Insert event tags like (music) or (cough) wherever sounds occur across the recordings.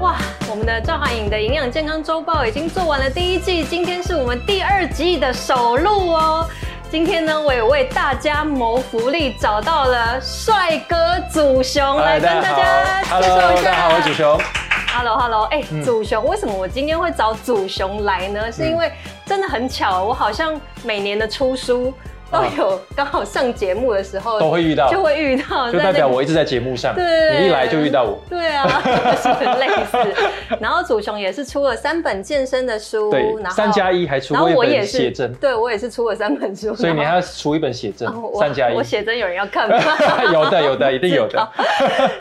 哇，我們的趙函穎的營養健康周報已經做完了第一季，今天是我們第二季的首錄哦。今天呢，我也為大家謀福利，找到了帥哥祖雄來跟大家介紹一下。大家好，我是祖雄。Hello，Hello，哎 hello,、欸嗯，祖雄，為什麼我今天會找祖雄來呢、嗯？是因為真的很巧，我好像每年的出書。都有、啊、剛好上節目的時候都會遇到，就會遇到，就代表我一直在節目上。對，你一來就遇到我。對啊，是很類似。 (laughs) 然後祖雄也是出了三本健身的書。然後三加一還出過一本寫真。我也是對，我也是出了三本書，所以你還要出一本寫真，三加一。我寫真有人要看嗎？ (laughs) 有的，有的，一定有的 (laughs) 哦。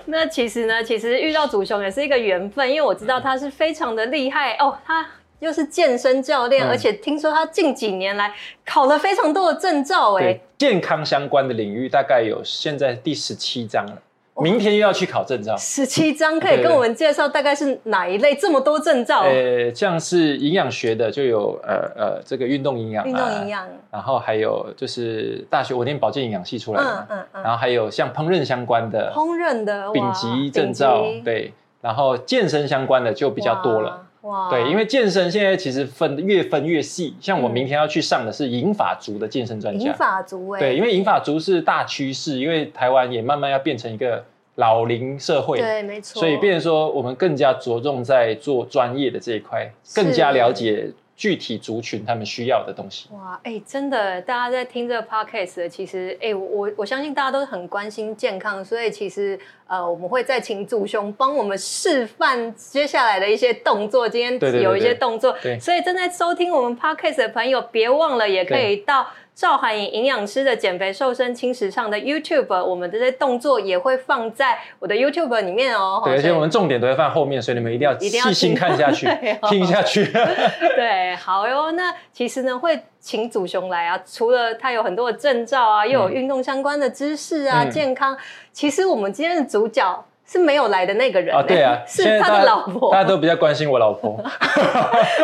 那其實呢，其實遇到祖雄也是一個緣分，因為我知道他是非常的厲害哦，他。又是健身教練、嗯，而且聽說他近幾年來考了非常多的證照、欸。哎，健康相關的領域大概有現在第十七張了，明天又要去考證照。十、哦、七張，可以跟我們介紹大概是哪一類？這麼多證照、啊？呃、欸，像是營養學的就有呃呃這個運動營養、啊，運動營養，然後還有就是大學我念保健營養系出來的嘛，嗯嗯，嗯，然後還有像烹飪相關的烹飪的丙級證照，對，然後健身相關的就比較多了。對，因為健身現在其實分得越分越細，像我明天要去上的是銀髮族的健身專家。銀髮族、欸，對，因為銀髮族是大趨勢，因為台灣也慢慢要變成一個老齡社會，對，沒錯，所以變成說我們更加着重在做專業的這一塊，更加了解。具體族群他們需要的東西。哇，哎，真的，大家在聽這個 podcast 的，其實，哎，我我,我相信大家都是很關心健康，所以其實，呃，我們會再請祖雄幫我們示範接下來的一些動作。今天有一些動作，對對對對，所以正在收聽我們 podcast 的朋友，別忘了也可以到。趙函穎營養師的減肥瘦身輕時尚的 YouTube，我們這些動作也會放在我的 YouTube 裡面哦。對，而且我們重點都會放在後面，所以你們一定要細心看下去，聽，聽下去。對，哦、 (laughs) 對，好喲。那其實呢，會請祖雄來啊，除了他有很多的證照啊，又有運動相關的知識啊、嗯，健康。其實我們今天的主角。是沒有來的那個人，欸、啊對啊，是他的老婆他。大家都比較關心我老婆，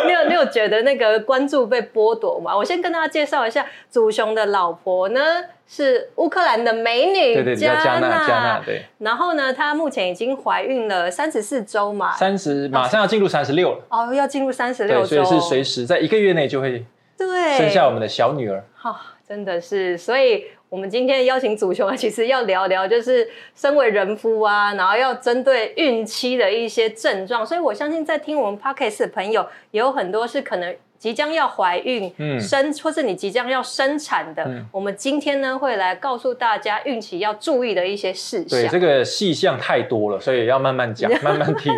沒 (laughs) (laughs) 有沒有覺得那個關注被剝奪嗎？我先跟大家介紹一下，祖雄的老婆呢是烏克蘭的美女，對對，叫加娜加娜，娜對。然後呢，她目前已經懷孕了三十四周嘛，三十馬上要進入三十六了哦。哦，要進入三十六周。對，所以是隨時在一個月內就會對生下我們的小女兒。哈、啊，真的是，所以。我們今天邀請祖雄啊，其實要聊聊就是身為人夫啊，然後要針對孕期的一些症狀。所以我相信在聽我們 podcast 的朋友，也有很多是可能即將要懷孕，嗯，生或是你即將要生產的，嗯。我們今天呢，會來告訴大家孕期要注意的一些事項。對，這個細項太多了，所以要慢慢講， (laughs) 慢慢聽。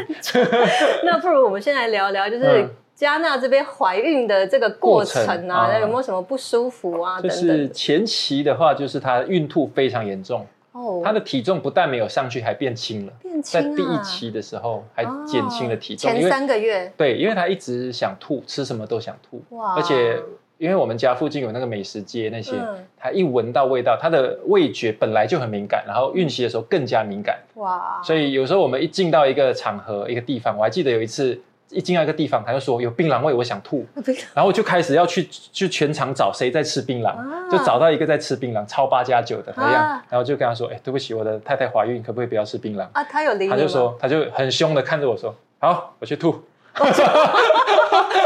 (laughs) 那不如我們先來聊聊，就是。嗯加納這邊懷孕的這個過程啊，程嗯、有沒有什麼不舒服啊？就是前期的話，就是她孕吐非常嚴重她、哦、的體重不但沒有上去，還變輕了。變輕了、啊。在第一期的時候還減輕了體重、哦，前三個月。對，因為她一直想吐，吃什麼都想吐。哇！而且因為我們家附近有那個美食街，那些她、嗯、一聞到味道，她的味覺本來就很敏感，然後孕期的時候更加敏感。哇！所以有時候我們一進到一個場合、一個地方，我還記得有一次。一進到一個地方，他就說有檳榔味，我想吐。然後就開始要去去全場找誰在吃檳榔、啊，就找到一個在吃檳榔超八加九的那樣、啊，然後就跟他說：“哎、欸，對不起，我的太太懷孕，可不可以不要吃檳榔？”啊，他有靈。他就說，他就很凶的看着我說：“好，我去吐。Okay. ”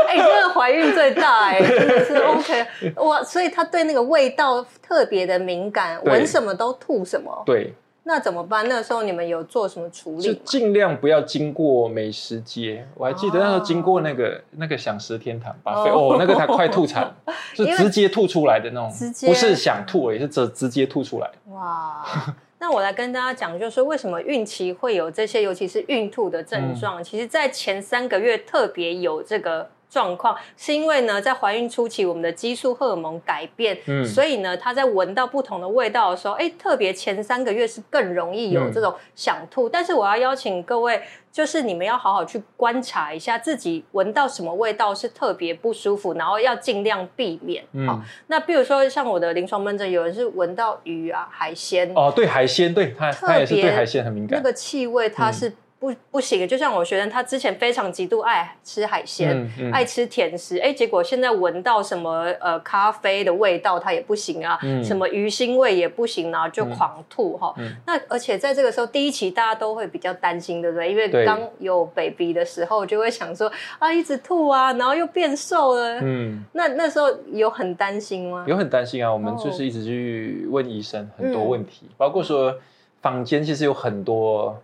哎、 (laughs) (laughs) 欸，真的懷孕最大哎、欸，真的是 (laughs) OK 哇！所以他對那個味道特別的敏感，聞什麼都吐什麼。對。那怎麼辦？那個時候你們有做什麼處理？就儘量不要經過美食街。我還記得那時候經過那個、oh. 那個享食天堂吧，oh. 哦，那個才快吐慘，是直接吐出來的那種，不是想吐，而是直直接吐出來。哇！ (laughs) 那我來跟大家講，就是為什麼孕期會有這些，尤其是孕吐的症狀、嗯。其實，在前三個月特別有這個。狀況是因為呢，在懷孕初期，我們的激素荷爾蒙改變、嗯，所以呢，他在聞到不同的味道的時候，哎、欸，特別前三個月是更容易有這種想吐、嗯。但是我要邀請各位，就是你們要好好去觀察一下自己聞到什麼味道是特別不舒服，然後要盡量避免、嗯。好，那比如說像我的臨床門診，有人是聞到魚啊海鮮哦，對海鮮，對，他，特別他也是對海鮮很敏感，那個氣味它是、嗯。不不行，就像我學生，他之前非常極度愛吃海鮮、嗯嗯，愛吃甜食，哎、欸，結果現在聞到什麼呃咖啡的味道，他也不行啊、嗯，什麼魚腥味也不行啊，就狂吐哈、嗯。那而且在這個時候，第一期大家都會比較擔心，對不對？因為剛有 baby 的時候，就會想說啊，一直吐啊，然後又變瘦了，嗯，那那時候有很擔心嗎？有很擔心啊，我們就是一直去問醫生很多問題，哦嗯、包括說坊間其實有很多。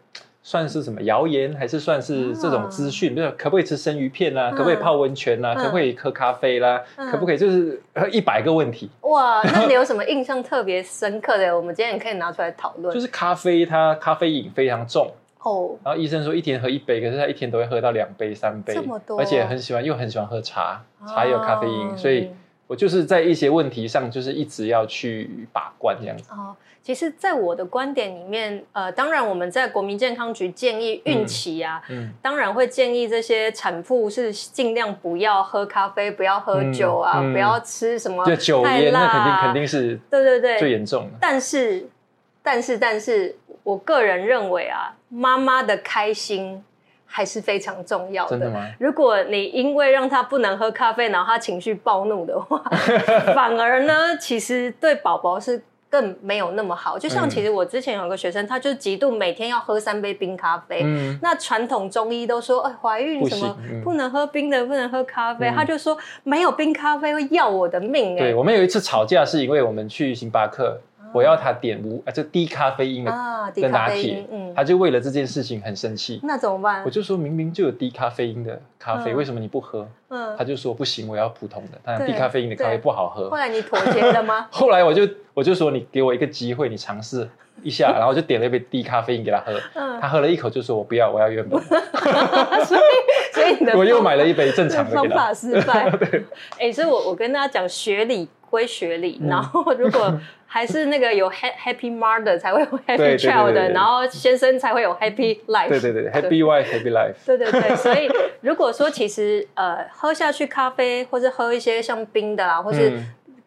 算是什麼謠言，還是算是這種資訊？比如說、啊、可不可以吃生魚片啊、嗯、可不可以泡溫泉啊、嗯、可不可以喝咖啡啦、啊嗯？可不可以就是喝一百個問題？哇，那你有什麼印象 (laughs) 特別深刻的？我們今天也可以拿出來討論。就是咖啡，它咖啡癮非常重哦。然後醫生說一天喝一杯，可是他一天都會喝到兩杯、三杯，這麼多，而且很喜歡又很喜歡喝茶，茶也有咖啡因、啊，所以。就是在一些問題上，就是一直要去把關這樣子。哦，其實，在我的觀點裡面，呃，當然我們在國民健康局建議孕期啊、嗯嗯，當然會建議這些產婦是儘量不要喝咖啡、不要喝酒啊，嗯嗯、不要吃什麼太辣就酒。那肯定，肯定是對最嚴重的對對對。但是，但是，但是我個人認為啊，媽媽的開心，還是非常重要的，真的嗎？如果你因為讓他不能喝咖啡，然後他情緒暴怒的話， (laughs) 反而呢，其實對寶寶是更沒有那麼好。就像其實我之前有一個學生，他就極度每天要喝三杯冰咖啡。嗯，那傳統中醫都說，哎，懷孕什麼不、嗯、不能喝冰的，不能喝咖啡。嗯、他就說沒有冰咖啡會要我的命。對，我們有一次吵架，是因為我們去星巴克。我要他點無啊，低咖啡因的的拿鐵，他就為了這件事情很生氣。那怎麼辦？我就說明明就有低咖啡因的咖啡，嗯，為什麼你不喝？嗯，他就說不行，我要普通的。但低咖啡因的咖啡不好喝。後來你妥協了嗎？ (laughs) 後來我就我就說，你給我一個機會，你嘗試一下，然後就點了一杯低咖啡因給他喝。嗯，他喝了一口就說：“我不要，我要原本。 (laughs) 所”所以所以我又買了一杯正常的，方，就是，法失敗。哎、 (laughs) 欸，所以我我跟大家講學理。歸學歷，然後如果還是那個有 ha happy mother，才會有 happy child 的。對對對對對。然後先生才會有 happy life。對對對，happy wife happy life。對對對，happy wife, happy 對對對對。 (laughs) 所以如果說其實呃，喝下去咖啡，或是喝一些像冰的啊，或是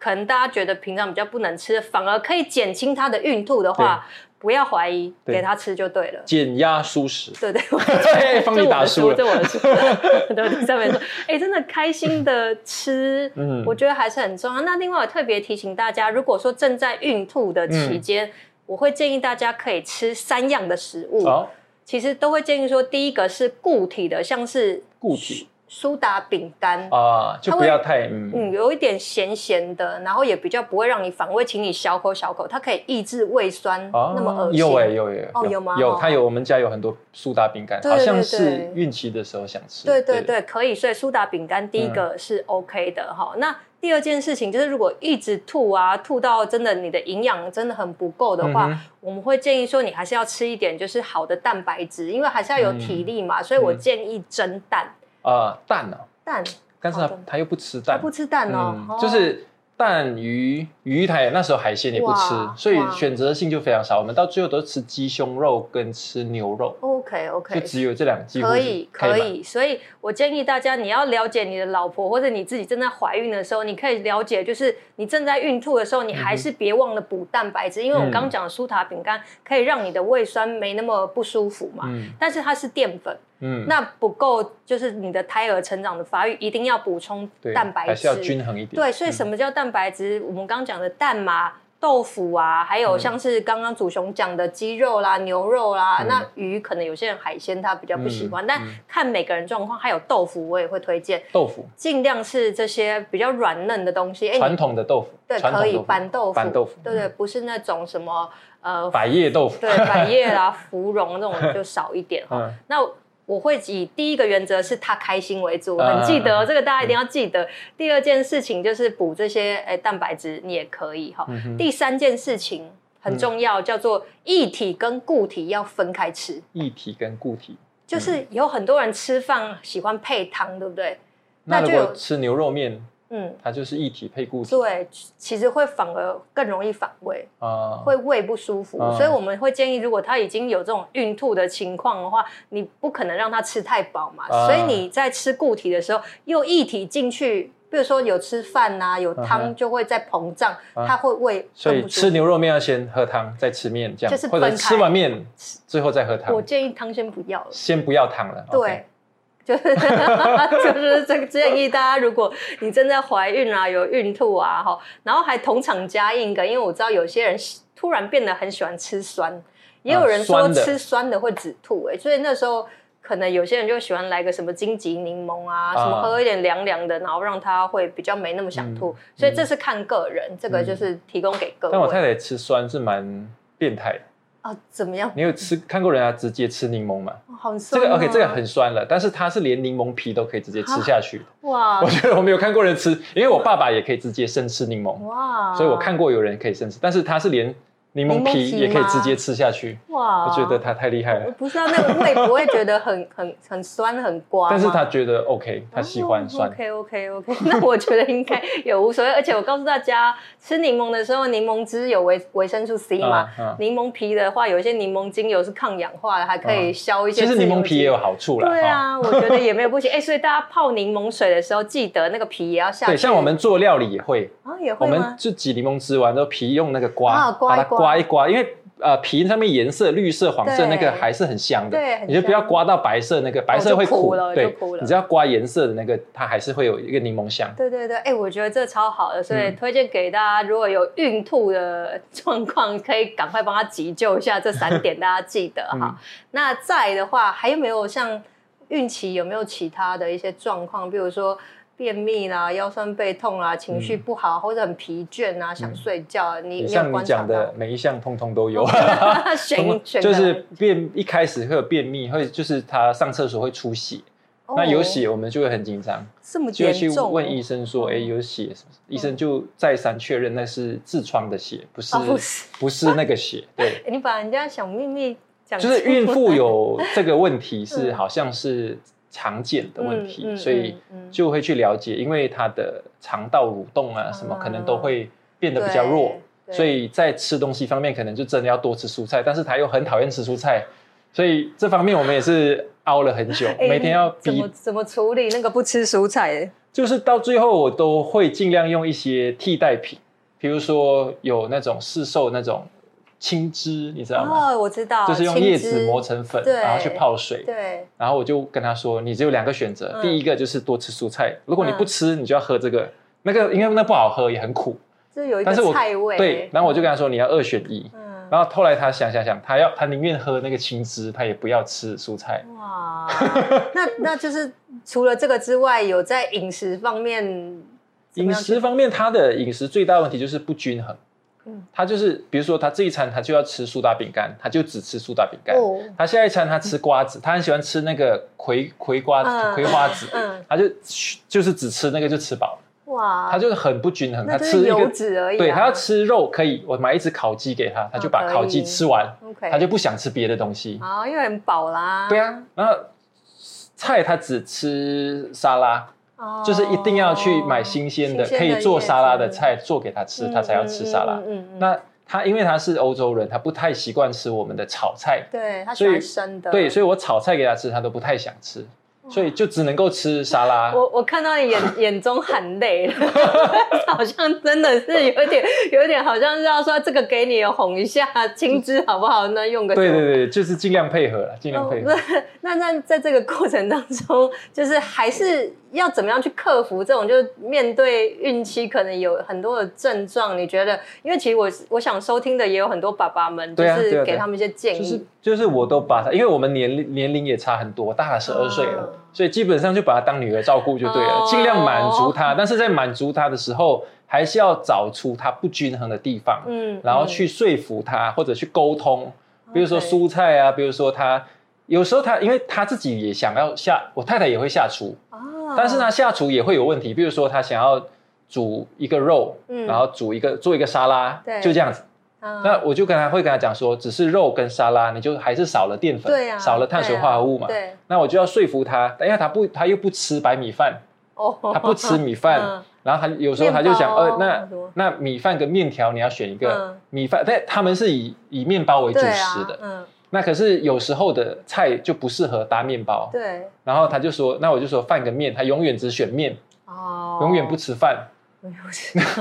可能大家覺得平常比較不能吃，反而可以減輕他的孕吐的話，不要懷疑，給他吃就對了。減壓蔬食。對對， (laughs) 你打我正 (laughs) 我正的我， (laughs) (laughs) 對上面說，哎、欸，真的開心的吃，嗯，我覺得還是很重要。那另外我特別提醒大家，如果說正在孕吐的期間，嗯、我會建議大家可以吃三樣的食物、哦。其實都會建議說，第一個是固體的，像是固體。蘇打餅乾啊，就不要太嗯，嗯，有一點鹹鹹的，然後也比較不會讓你反胃，請你小口小口，它可以抑制胃酸，啊、那麼噁心有哎、欸、有、欸、哦有哦有嗎？有，哦、有它有，它有、嗯，我們家有很多蘇打餅乾，好像是孕期的時候想吃。對對對、對、對、對、對、對、對、對，可以。所以蘇打餅乾第一個是 OK 的哈、嗯。那第二件事情就是，如果一直吐啊，吐到真的你的營養真的很不夠的話、嗯，我們會建議說你還是要吃一點就是好的蛋白質，因為還是要有體力嘛。嗯、所以我建議蒸蛋。嗯啊、呃，蛋呢、哦？蛋，但是他他又不吃蛋，他不吃蛋哦，嗯、哦就是蛋魚魚，魚他也那時候海鮮也不吃，所以選擇性就非常少。我們到最後都是吃雞胸肉跟吃牛肉。哦 OK，OK、okay, okay，就只有這兩季可以，可以。所以，我建議大家，你要了解你的老婆或者你自己正在懷孕的時候，你可以了解，就是你正在孕吐的時候，你還是別忘了補蛋白質、嗯，因為我剛剛講的蘇打餅乾可以讓你的胃酸沒那麼不舒服嘛。嗯、但是它是澱粉，嗯，那不夠，就是你的胎兒成長的發育一定要補充蛋白質，還是要均衡一點。對，所以什麼叫蛋白質、嗯？我們剛剛講的蛋嘛。豆腐啊，還有像是剛剛祖雄講的雞肉啦、嗯、牛肉啦、嗯，那魚可能有些人海鮮他比較不喜歡、嗯、但看每個人狀況，還有豆腐，我也會推薦豆腐，盡量是這些比較軟嫩的東西。傳、欸、統的豆腐對，可以板豆腐，板豆腐對對、對、嗯，不是那種什麼呃百葉豆腐，對百葉啊 (laughs) 芙蓉那種就少一點齁、嗯。那我會以第一個原則是他開心為主，很記得、嗯、這個，大家一定要記得、嗯。第二件事情就是補這些誒蛋白質，你也可以哈、嗯。第三件事情很重要、嗯，叫做液體跟固體要分開吃。液體跟固體，就是有很多人吃飯喜歡配湯，嗯、對不對？那如果那就有吃牛肉麵？嗯，它就是液體配固體，對，其實會反而更容易反胃啊、嗯，會胃不舒服、嗯。所以我們會建議，如果他已經有這種孕吐的情況的話，你不可能讓他吃太飽嘛、嗯。所以你在吃固體的時候，又液體進去，比如說有吃飯吶、啊，有湯就會再膨脹，他、嗯、會胃、嗯。所以吃牛肉麵要先喝湯，再吃麵這樣、就是，或者吃完麵最後再喝湯。我建議湯先不要了，先不要湯了。對。OK 就 (laughs) 是就是這個建議，大家如果你真的懷孕啊，有孕吐啊，哈，然後還同場加映的，因為我知道有些人突然變得很喜歡吃酸，也有人說吃酸的會止吐，欸，誒，所以那時候可能有些人就喜歡來個什麼金桔檸檬啊，什麼喝一點涼涼的，然後讓他會比較沒那麼想吐，嗯嗯，所以這是看個人，這個就是提供給個人。但我太太吃酸是蠻變態的。啊、哦，怎麼樣？你有吃看過人家、啊、直接吃檸檬嗎？哦啊、這個 OK，這個很酸了，但是它是連檸檬皮都可以直接吃下去的。哇！我覺得我沒有看過人吃，因為我爸爸也可以直接生吃檸檬。哇！所以我看過有人可以生吃，但是它是連。檸檬皮也可以直接吃下去，哇、啊！我覺得它太厲害了，不知道、啊、那個味不會覺得很很 (laughs) 很酸很刮。但是他覺得 OK，他喜歡酸、哦、OK OK OK，那我覺得應該也無所謂。 (laughs) 而且我告訴大家，吃檸檬的時候，檸檬汁有維維生素 C 嘛，檸、嗯嗯、檬皮的話，有一些檸檬精油是抗氧化的，還可以消一些、嗯。其實檸檬皮也有好處啦。對啊，哦、 (laughs) 我覺得也沒有不行。哎、欸，所以大家泡檸檬水的時候，記得那個皮也要下去。對，像我們做料理也會啊，也會。我們就擠檸檬汁完之後，皮用那個刮啊刮它刮，刮一刮，因為呃皮上面顏色綠色、黃色那個還是很香的，對，你就不要刮到白色那個，白色會苦、哦、就苦了，對就苦了，你只要刮顏色的那個，它還是會有一個檸檬香。對對對，哎、欸，我覺得這超好的，所以推薦給大家、嗯，如果有孕吐的狀況，可以趕快幫他急救一下。這三點大家記得哈。 (laughs) 那再的話，還有沒有像孕期有沒有其他的一些狀況，比如說？便秘啦，腰酸背痛啦，情緒不好、嗯、或者很疲倦啊，想睡覺。嗯、你像你講的，每一項通通都有，哦、哈哈通通就是便一開始會有便秘，會就是他上廁所會出血，哦、那有血我們就會很緊張，這麼嚴重、哦、就會去問醫生說，哎，有血、哦，醫生就再三確認那是痔瘡的血，不是、哦、不，是不是那個血，對、哎。你把人家小秘密講就是孕婦有這個問題是好像是。嗯常見的問題、嗯嗯，所以就會去了解、嗯嗯，因為他的腸道蠕動啊，什麼可能都會變得比較弱、啊，所以在吃東西方面可能就真的要多吃蔬菜，但是他又很討厭吃蔬菜，所以這方面我們也是熬了很久， (laughs) 每天要怎麼怎麼處理那個不吃蔬菜？就是到最後我都會盡量用一些替代品，比如說有那種市售那種。青汁，你知道嗎？哦，我知道、啊，就是用葉子磨成粉，然後去泡水。對。然後我就跟他說：“你只有兩個選擇，嗯、第一個就是多吃蔬菜。如果你不吃，嗯、你就要喝這個。那個因爲那不好喝，也很苦。就有一個菜味，但是我對。然後我就跟他說：“哦，你要二選一。”嗯。然後後來他想想想，他要他寧願喝那個青汁，他也不要吃蔬菜。哇， (laughs) 那那就是除了這個之外，有在飲食方面？飲食方面，他的飲食最大問題就是不均衡。嗯、他就是，比如說他這一餐他就要吃蘇打餅乾，他就只吃蘇打餅乾。哦、他下一餐他吃瓜子，嗯、他很喜歡吃那個葵葵瓜、嗯、葵花籽。嗯。他就就是只吃那個就吃飽了。哇。他就是很不均衡，啊，他吃一個籽而已。對，他要吃肉可以，我買一隻烤雞給他，他就把烤雞吃完。啊、他就不想吃別的東西。好，因為很飽啦。對啊，然後菜他只吃沙拉。哦、就是一定要去買新鮮的，新鮮的，可以做沙拉的菜做給他吃，嗯、他才要吃沙拉。嗯嗯嗯嗯、那他因為他是歐洲人，他不太習慣吃我們的炒菜，對，他喜歡生的，對，所以我炒菜給他吃，他都不太想吃，所以就只能夠吃沙拉。哦、我我看到你眼 (laughs) 眼中含淚了， (laughs) (laughs) 好像真的是有點有點，有點好像是要說這個給你哄一下，青汁好不好？那用個對對對，就是盡量配合了，盡量配合。哦、那那在，在這個過程當中，就是還是。要怎麼樣去克服這種？就是面對孕期，可能有很多的症狀。你覺得，因為其實我我想收聽的也有很多爸爸們，就是給他們一些建議。就是就是，就是、我都把他，因為我們年齡年齡也差很多，大了十二歲了，oh. 所以基本上就把她當女兒照顧就對了，盡量滿足她。Oh. 但是在滿足她的時候，還是要找出她不均衡的地方，嗯，然後去說服她、嗯，或者去溝通。比如說蔬菜啊，okay. 比如說她有時候她，因為她自己也想要下，我太太也會下廚啊。Oh. 但是他下廚也會有問題，比如說他想要煮一個肉，嗯、然後煮一個做一個沙拉，就這樣子，嗯。那我就跟他會跟他講說，只是肉跟沙拉，你就還是少了澱粉，啊、少了碳水化合物嘛。啊、那我就要說服他，等一下，哎呀，他不他又不吃白米飯，哦，他不吃米飯，嗯，然後他有時候他就想，哦、呃，那那米飯跟麵條你要選一個，嗯，米飯，但他們是以以麵包為主食的。那可是有時候的菜就不適合搭麵包。對。然後他就說：“那我就說飯跟麵，他永遠只選麵，哦、oh.，永遠不吃飯。 (laughs) ”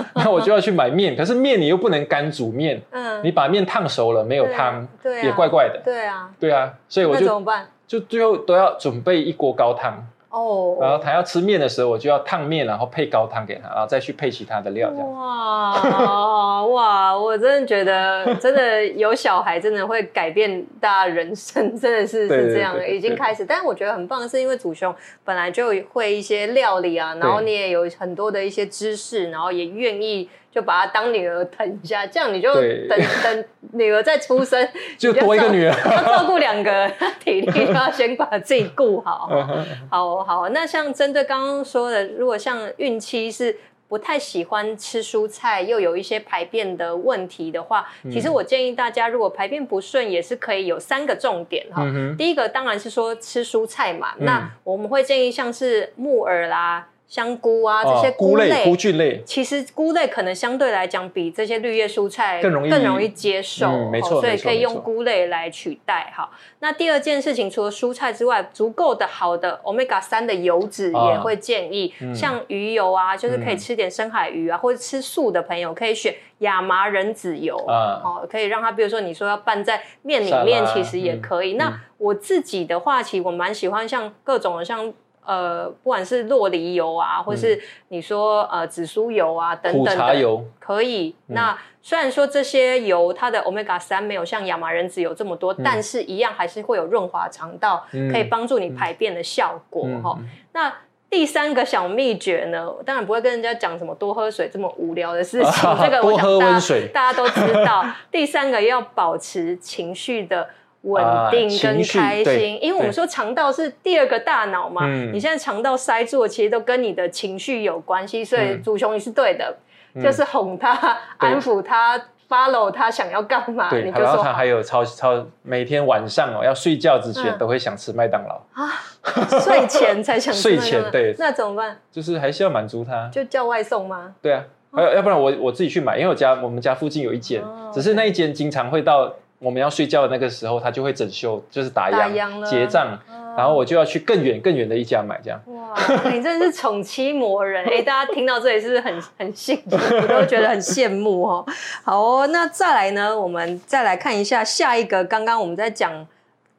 (laughs) 那我就要去買麵。可是麵你又不能乾煮麵，嗯，你把麵燙熟了沒有湯，對，對啊，也怪怪的。對啊，對啊，對，所以我就就最後都要準備一鍋高湯。哦、oh.，然後他要吃麵的時候，我就要燙麵，然後配高湯給他，然後再去配其他的料。哇哇，我真的覺得，真的有小孩，真的會改變大家人生，真的是 (laughs) 是這樣，的，已經開始。對對對對，但是我覺得很棒的是，因為祖雄本來就會一些料理啊，然後你也有很多的一些知識，然後也願意。就把他當女兒疼一下，這樣你就等等女兒再出生， (laughs) 就多一個女兒， (laughs) 要照顧兩個，體力都要先把自己顧好，uh -huh. 好好。那像針對剛剛說的，如果像孕期是不太喜歡吃蔬菜，又有一些排便的問題的話，其實我建議大家，如果排便不順，也是可以有三個重點哈。Uh -huh. 第一個當然是說吃蔬菜嘛，uh -huh. 那我們會建議像是木耳啦。香菇啊，這些菇類、哦、菇菌類，其實菇類可能相對來講比這些綠葉蔬菜更容易、更容易接受。嗯，沒錯，哦、所以可以用菇類來取代，好。那第二件事情，除了蔬菜之外，足夠的好的 Omega 三的油脂也會建議、啊嗯，像魚油啊，就是可以吃點深海魚啊，嗯、或者吃素的朋友可以選亞麻仁籽油啊、哦，可以讓它，比如說你說要拌在麵裡面，其實也可以、嗯嗯。那我自己的話，其實我蠻喜歡像各種的像。呃，不管是酪梨油啊，或是你說呃紫蘇油啊等等的苦茶油，可以、嗯。那雖然說這些油它的歐米伽三沒有像亞麻仁籽油這麼多、嗯，但是一樣還是會有潤滑腸道、嗯，可以幫助你排便的效果、嗯、那第三個小祕訣呢，當然不會跟人家講什麼多喝水這麼無聊的事情，啊、哈哈這個我想多喝溫水大家都知道。 (laughs) 第三個要保持情緒的，穩定跟開心、啊，因為我們說腸道是第二個大腦嘛。你現在腸道塞住了，其實都跟你的情緒有關係、嗯。所以祖雄，你是對的、嗯，就是哄他、安撫他、follow 他想要幹嘛。對，你就說，然後他還有超超，每天晚上哦、喔、要睡覺之前都會想吃麥當勞、嗯、啊，睡前才想吃， (laughs) 睡前對。那怎麼辦？就是還是要滿足他。就叫外送嗎？對啊，要、哦、要不然我我自己去買，因為我家我們家附近有一間、哦，只是那一間經常會到。我們要睡覺的那個時候，他就會整修，就是打烊、結賬、啊，然後我就要去更遠、更遠的一家買，這樣。哇，你真的是寵妻魔人！哎、 (laughs) 欸，大家聽到這裡是不是很很幸福， (laughs) 我都覺得很羨慕哦，好哦，那再來呢？我們再來看一下下一個。剛剛我們在講，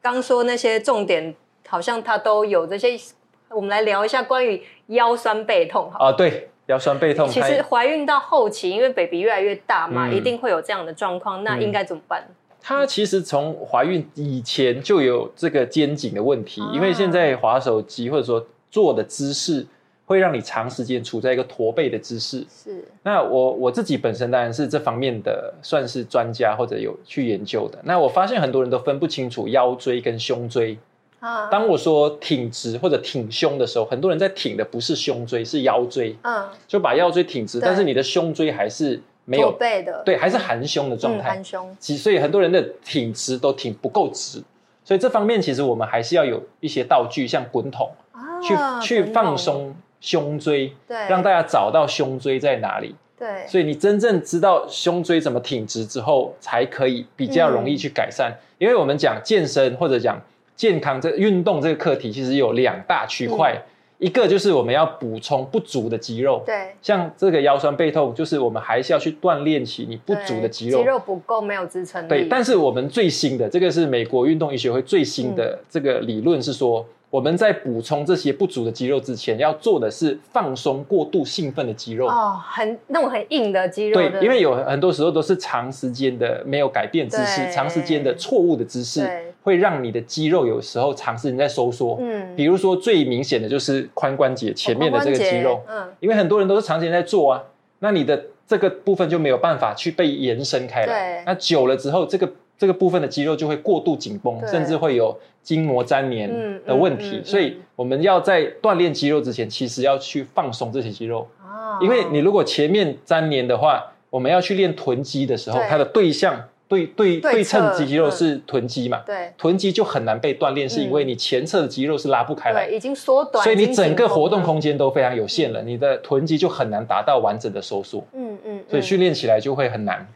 剛說那些重點，好像他都有這些。我們來聊一下關於腰酸背痛啊，對，腰酸背痛。其實懷孕到後期，因為 baby 越來越大嘛、嗯，一定會有這樣的狀況。那應該怎麼辦？嗯她其實從懷孕以前就有這個肩頸的問題，哦、因為現在滑手機或者說坐的姿勢，會讓你長時間處在一個駝背的姿勢。是。那我我自己本身當然是這方面的算是專家或者有去研究的。那我發現很多人都分不清楚腰椎跟胸椎。哦、當我說挺直或者挺胸的時候，很多人在挺的不是胸椎，是腰椎。嗯。就把腰椎挺直，嗯、但是你的胸椎還是。沒有背的，對，還是含胸的狀態。嗯、含胸，其實所以很多人的挺直，都挺不夠直，所以這方面其實我們還是要有一些道具，像滾筒，去、啊、去放鬆胸椎，讓大家找到胸椎在哪裡。對，所以你真正知道胸椎怎麼挺直之後，才可以比較容易去改善，嗯。因為我們講健身或者講健康，這運動這個課題，其實有兩大區塊。嗯一個就是我們要補充不足的肌肉，對，像這個腰酸背痛，就是我們還是要去鍛鍊起你不足的肌肉，肌肉不夠沒有支撐力。對，但是我們最新的這個是美國運動醫學會最新的這個理論是說，嗯我們在補充這些不足的肌肉之前，要做的是放鬆過度興奮的肌肉哦，很那種很硬的肌肉。對，因為有很多時候都是長時間的沒有改變姿勢，長時間的錯誤的姿勢，會讓你的肌肉有時候長時間在收縮。嗯，比如說最明顯的就是髖關節，哦，前面的這個肌肉，嗯，因為很多人都是長時間在做啊，嗯，那你的這個部分就沒有辦法去被延伸開來。對，那久了之後這個。這個部分的肌肉就會過度緊繃，甚至會有筋膜粘連的問題，嗯嗯嗯嗯。所以我們要在鍛鍊肌肉之前，其實要去放鬆這些肌肉。啊、因為你如果前面粘連的話，我們要去練臀肌的時候，它的對象對對對，對，對稱的肌肉是臀肌嘛，嗯？對。臀肌就很難被鍛鍊，是因為你前側的肌肉是拉不開來，已經縮短，所以你整個活動空間都非常有限了。你的臀肌就很難達到完整的收縮。嗯嗯，嗯，嗯。所以訓練起來就會很難。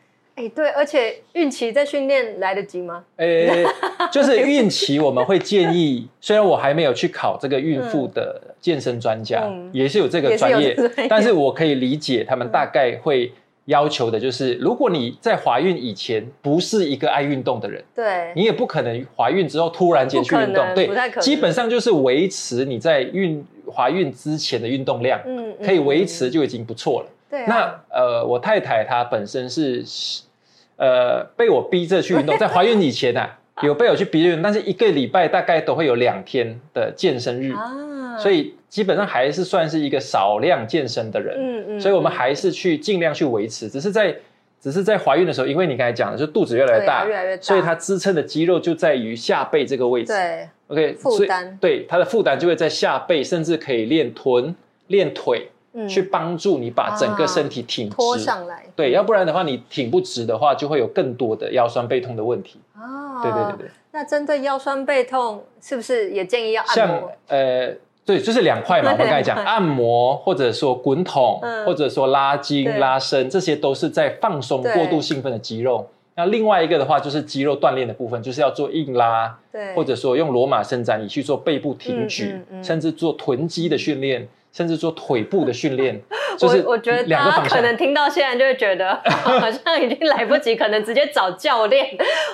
對，而且孕期在訓練來得及嗎？呃、欸，就是孕期我們會建議， (laughs) 雖然我還沒有去考這個孕婦的健身專家，嗯、也是有這個專業，但是我可以理解他們大概會要求的就是，如果你在懷孕以前不是一個愛運動的人，對，你也不可能懷孕之後突然間去運動，對，不太可能。基本上就是維持你在孕懷孕之前的運動量，嗯，可以維持就已經不錯了。嗯、對、啊，那呃，我太太她本身是。呃，被我逼着去運動，在懷孕以前呢、啊， (laughs) 有被我去逼着運動，但是一個禮拜大概都會有兩天的健身日，啊、所以基本上還是算是一個少量健身的人。嗯嗯，嗯，所以我們還是去盡量去維持，只是在只是在懷孕的時候，因為你剛才講的，就肚子越來越大，啊、越來越大，所以它支撐的肌肉就在於下背這個位置。對，OK，負擔，所以對，它的負擔就會在下背，甚至可以練臀、練腿。嗯、去幫助你把整個身體挺直，啊、上來對，要不然的話你挺不直的話，就會有更多的腰痠背痛的問題。哦、啊，對對對對。那針對腰痠背痛，是不是也建議要按摩？像呃，對，就是兩塊嘛，我剛才講，嗯、按摩或者說滾筒，嗯、或者說拉筋、嗯、拉伸，這些都是在放鬆過度興奮的肌肉。那另外一個的話，就是肌肉鍛鍊的部分，就是要做硬拉，對，或者說用羅馬伸展，你去做背部挺舉、嗯嗯嗯，甚至做臀肌的訓練。甚至做腿部的訓練，就是、我我覺得大家可能聽到現在就會覺得好像已經來不及， (laughs) 可能直接找教練，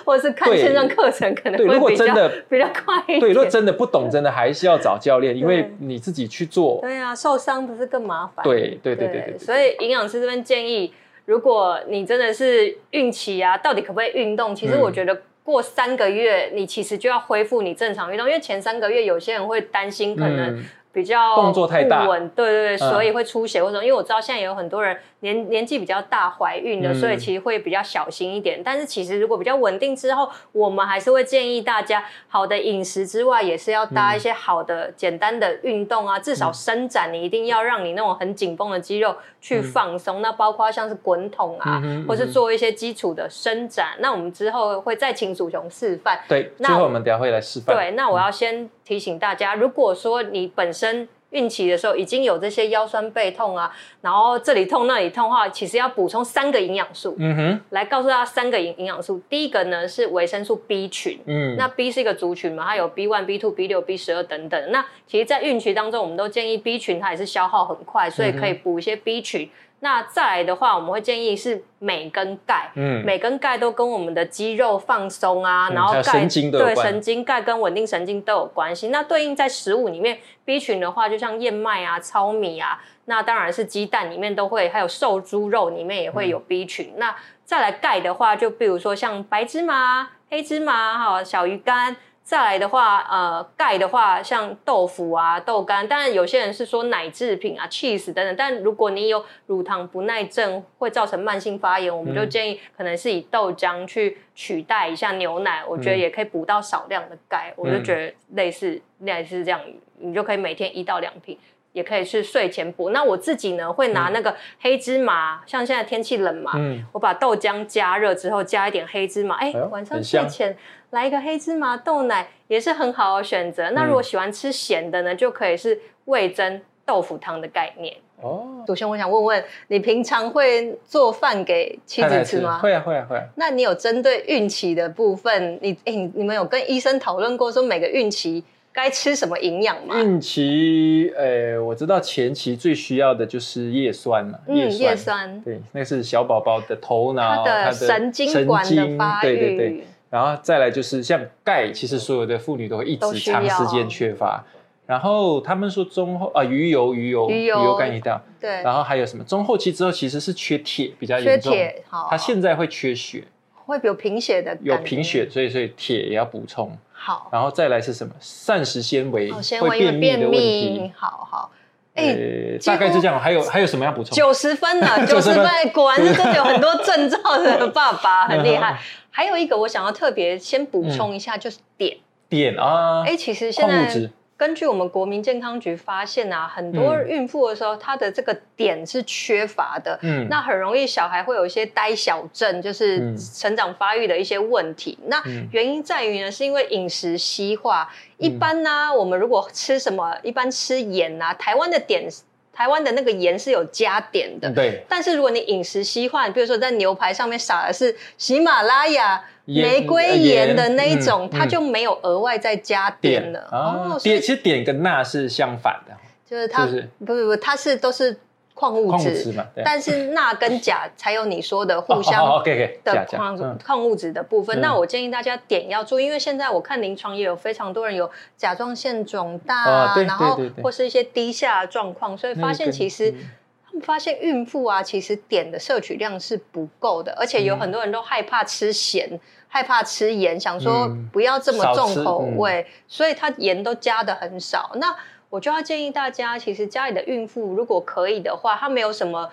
或者是看線上課程，可能會比較比較快一點。對，如果真的不懂，真的還是要找教練，因為你自己去做，對啊，受傷不是更麻煩？對對，對對對對。所以營養師這邊建議，如果你真的是孕期啊，到底可不可以運動？其實我覺得過三個月、嗯，你其實就要恢復你正常運動，因為前三個月有些人會擔心可能。比較動作太大，對對對，所以會出血，或者、嗯、為什麼？因為我知道現在有很多人。年年紀比較大，懷孕了，所以其實會比較小心一點。嗯、但是其實如果比較穩定之後，我們還是會建議大家，好的飲食之外，也是要搭一些好的簡單的運動啊、嗯，至少伸展，你一定要讓你那種很緊繃的肌肉去放鬆、嗯。那包括像是滾筒啊、嗯，或是做一些基礎的伸展、嗯嗯。那我們之後會再請祖雄示範。對，之後我們等下會來示範。對，那我要先提醒大家，嗯、如果說你本身。孕期的時候已經有這些腰酸背痛啊，然後這裡痛那裡痛的話，其實要補充三個營養素，嗯哼，來告訴大家三個營營養素。第一個呢是維生素 B 群，嗯，那 B 是一個族群嘛，它有 B one、B two、B 六、B 十二等等。那其實，在孕期當中，我們都建議 B 群它也是消耗很快，所以可以補一些 B 群。嗯那再來的話，我們會建議是鎂跟鈣，嗯，鎂跟鈣都跟我們的肌肉放鬆啊、嗯，然後神經的對神經鈣跟穩定神經都有關係。那對應在食物裡面，B 群的話，就像燕麥啊、糙米啊，那當然是雞蛋裡面都會，還有瘦豬肉裡面也會有 B 群。嗯、那再來鈣的話，就比如說像白芝麻、黑芝麻哈、小魚乾。再來的話，呃，鈣的話，像豆腐啊、豆乾，當然有些人是說奶製品啊、cheese 等等。但如果你有乳糖不耐症，會造成慢性發炎，嗯、我們就建議可能是以豆漿去取代一下牛奶，嗯、我覺得也可以補到少量的鈣、嗯。我就覺得類似類似這樣，你就可以每天一到兩瓶，也可以是睡前補。那我自己呢，會拿那個黑芝麻，嗯、像現在天氣冷嘛、嗯，我把豆漿加熱之後加一點黑芝麻，哎，晚上睡前。來一個黑芝麻豆奶也是很好的選擇。那如果喜歡吃鹹的呢，嗯、就可以是味噌豆腐湯的概念。哦，祖雄我想問問你，平常會做飯給妻子吃嗎，太太？會啊，會啊，會啊。那你有針對孕期的部分，你你你們有跟醫生討論過說每個孕期該吃什麼營養嗎？孕期，呃，我知道前期最需要的就是葉酸嘛，葉酸、嗯、葉酸，對，那是小寶寶的頭腦、他的神經管的發育。嗯然後再來就是像鈣，其實所有的婦女都會一直長時間缺乏。然後他們說中後啊魚油、魚油、魚油鈣一道對。然後還有什麼？中後期之後其實是缺鐵比較嚴重。缺鐵，他現在會缺血，會有貧血的，有貧血，所以所以鐵也要補充。好。然後再來是什麼？膳食纖維，會便秘的問題。好、哦、好。好欸、大概就這樣。還有還有什麼要補充？九十分啊， (laughs) 九十分，果然是真的有很多證照的爸爸， (laughs) 很厲害。還有一個我想要特別先補充一下，就是碘。碘、嗯、啊！哎、欸，其實現在根據我們國民健康局發現啊，很多孕婦的時候，她、嗯、的這個碘是缺乏的。嗯，那很容易小孩會有一些呆小症，就是成長發育的一些問題。嗯、那原因在於呢，是因為飲食西化。一般呢、啊嗯，我們如果吃什麼，一般吃鹽啊，台灣的碘。台灣的那個鹽是有加碘的，對。但是如果你飲食西化，比如說在牛排上面撒的是喜馬拉雅鹽玫瑰鹽的那一種，嗯嗯、它就沒有額外再加碘了點。哦，碘、哦、其實碘跟鈉是相反的，就是它是不是不，不不，它是都是。礦物質、啊，但是鈉跟鉀才有你說的互相的礦物質的部分、哦哦 OK, OK, 嗯的部分嗯。那我建議大家碘要注意，因為現在我看臨床也有非常多人有甲狀腺腫大、嗯，然後或是一些低下的狀況，所以發現其實、嗯、他們發現孕婦啊，其實碘的攝取量是不夠的，而且有很多人都害怕吃鹹、嗯，害怕吃鹽，想說不要這麼重口味，嗯嗯、所以它鹽都加得很少。那我就要建議大家，其實家裡的孕婦如果可以的話，她沒有什麼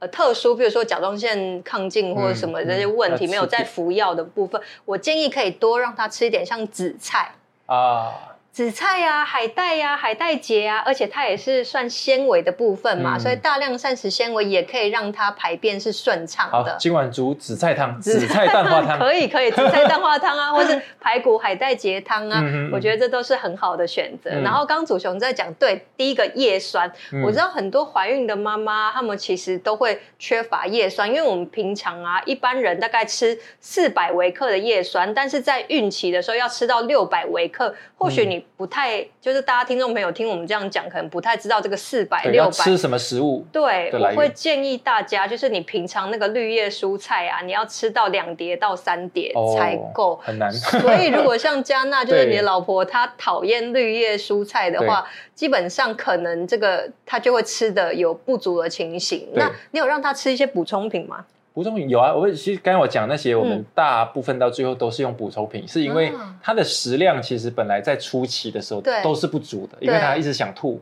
呃特殊，比如說甲狀腺亢進或者什麼這些問題、嗯嗯，沒有在服藥的部分，我建議可以多讓她吃一點像紫菜啊。紫菜呀、啊、海帶呀、啊、海帶結啊，而且它也是算纖維的部分嘛、嗯，所以大量膳食纖維也可以讓它排便是順暢的。好，今晚煮紫菜湯、紫菜蛋花湯 (laughs) 可以，可以紫菜蛋花湯啊， (laughs) 或是排骨海帶結湯啊嗯嗯嗯，我覺得這都是很好的選擇、嗯。然後剛祖雄在講，對，第一個葉酸、嗯，我知道很多懷孕的媽媽她們其實都會缺乏葉酸，因為我們平常啊一般人大概吃四百微克的葉酸，但是在孕期的時候要吃到六百微克，或許你、嗯。不太就是大家聽眾朋友聽我們這樣講，可能不太知道這個四百六百要吃什麼食物。對，我會建議大家，就是你平常那個綠葉蔬菜啊，你要吃到兩碟到三碟才夠，哦，很難吃。所以如果像加娜就是你的老婆， (laughs) 她討厭綠葉蔬菜的話，基本上可能這個她就會吃的有不足的情形。那你有讓她吃一些補充品嗎？補充品有啊，我們其實剛才我講那些，我們大部分到最後都是用補充品、嗯，是因為它的食量其實本來在初期的時候都是不足的，因為它一直想吐，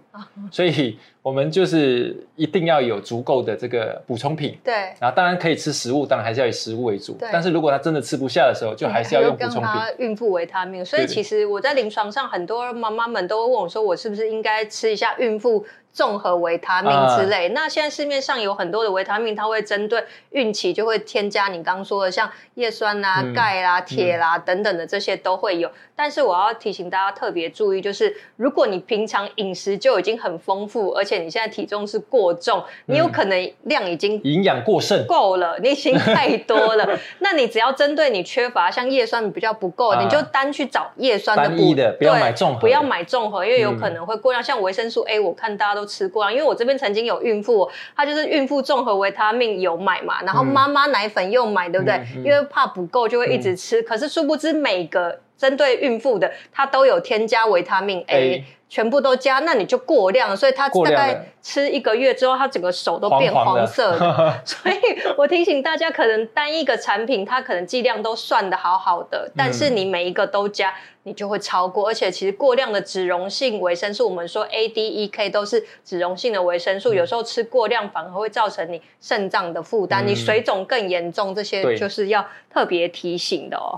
所以我們就是一定要有足夠的這個補充品。對，然後當然可以吃食物，當然還是要以食物為主。但是如果它真的吃不下的時候，就還是要用補充品。孕婦維他命，所以其實我在臨床上很多媽媽們都會問我說，我是不是應該吃一下孕婦？綜合維他命之類、啊，那現在市面上有很多的維他命，它會針對孕期就會添加你剛說的像葉酸啊、鈣、嗯、啦、鐵啦、啊啊嗯嗯、等等的這些都會有。但是我要提醒大家特別注意，就是如果你平常飲食就已經很豐富，而且你現在體重是過重，你有可能量已經營養、嗯、過剩夠了，你已經太多了。 (laughs) 那你只要針對你缺乏，像葉酸你比較不夠、啊，你就單去找葉酸的、的，不要買綜合，不要買綜合，因為有可能會過量。嗯、像維生素 A，我看大家都。吃過，因為我這邊曾經有孕婦，她就是孕婦綜合維他命有買嘛，然後媽媽奶粉又買，對不對、嗯嗯？因為怕不夠，就會一直吃、嗯。可是殊不知每個。針對孕婦的，它都有添加維他命 A，A 全部都加，那你就過量，所以它大概吃一個月之後，它整個手都變黃色呵呵。所以我提醒大家，可能單一個產品它可能劑量都算的好好的，但是你每一個都加、嗯，你就會超過。而且其實過量的脂溶性維生素，我們說 A、D、E、K 都是脂溶性的維生素、嗯，有時候吃過量反而會造成你腎臟的負擔、嗯，你水腫更嚴重。這些就是要特別提醒的哦。